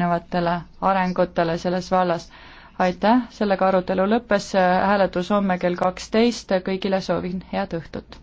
järgnevatele arengutele selles vallas. aitäh, sellega arutelu lõppes, hääletus homme kell kaksteist, kõigile soovin head õhtut!